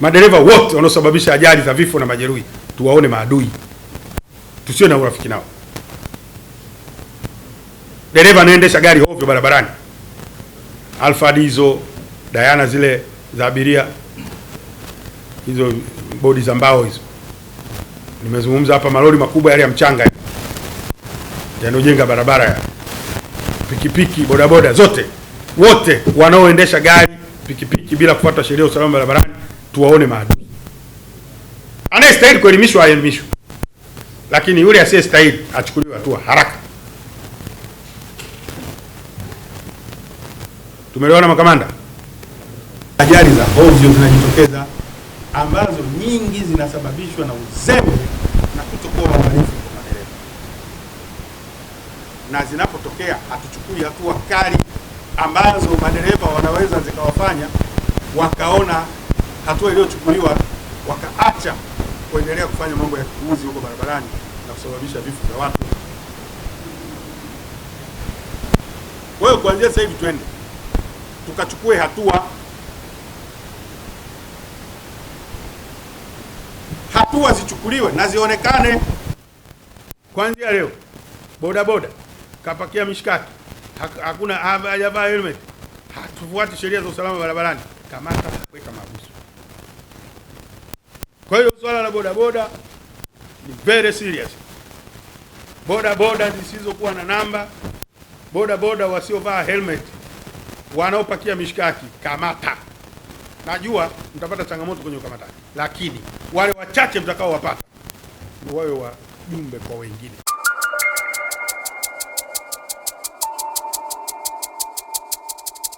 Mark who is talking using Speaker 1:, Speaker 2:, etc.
Speaker 1: madereva wote wanaosababisha ajali za vifo na majeruhi tuwaone maadui, tusiwe na urafiki nao. Dereva anaendesha gari ovyo barabarani, Alfa hizo Dayana zile za abiria hizo, bodi za mbao hizo, nimezungumza hapa, malori makubwa yale ya mchanga yanayojenga barabara ya pikipiki, bodaboda zote, wote wanaoendesha gari, pikipiki bila kufuata sheria ya usalama barabarani tuwaone maadui. Anayestahili kuelimishwa aelimishwe, lakini yule asiyestahili achukuliwe hatua haraka. tumeliona makamanda? Ajali za ovyo zinajitokeza ambazo nyingi zinasababishwa na uzembe na kutokuwa waangalifu kwa madereva, na zinapotokea hatuchukui hatua kali ambazo madereva wanaweza zikawafanya wakaona hatua iliyochukuliwa wakaacha kuendelea kufanya mambo ya kiuzi huko barabarani na kusababisha vifo vya watu. Kwa hiyo kuanzia sasa hivi twende tukachukue hatua. Hatua zichukuliwe na zionekane kuanzia leo. Bodaboda kapakia mishikaki, hakuna hajavaa helmet, hatufuati sheria za usalama barabarani, kamata weka mahabusu. Kwa hiyo swala la bodaboda ni very serious. Bodaboda zisizokuwa na namba, bodaboda wasiovaa helmet, wanaopakia mishkaki, kamata. Najua mtapata changamoto kwenye ukamataji, lakini wale wachache mtakaowapata ni wawe wajumbe kwa wengine.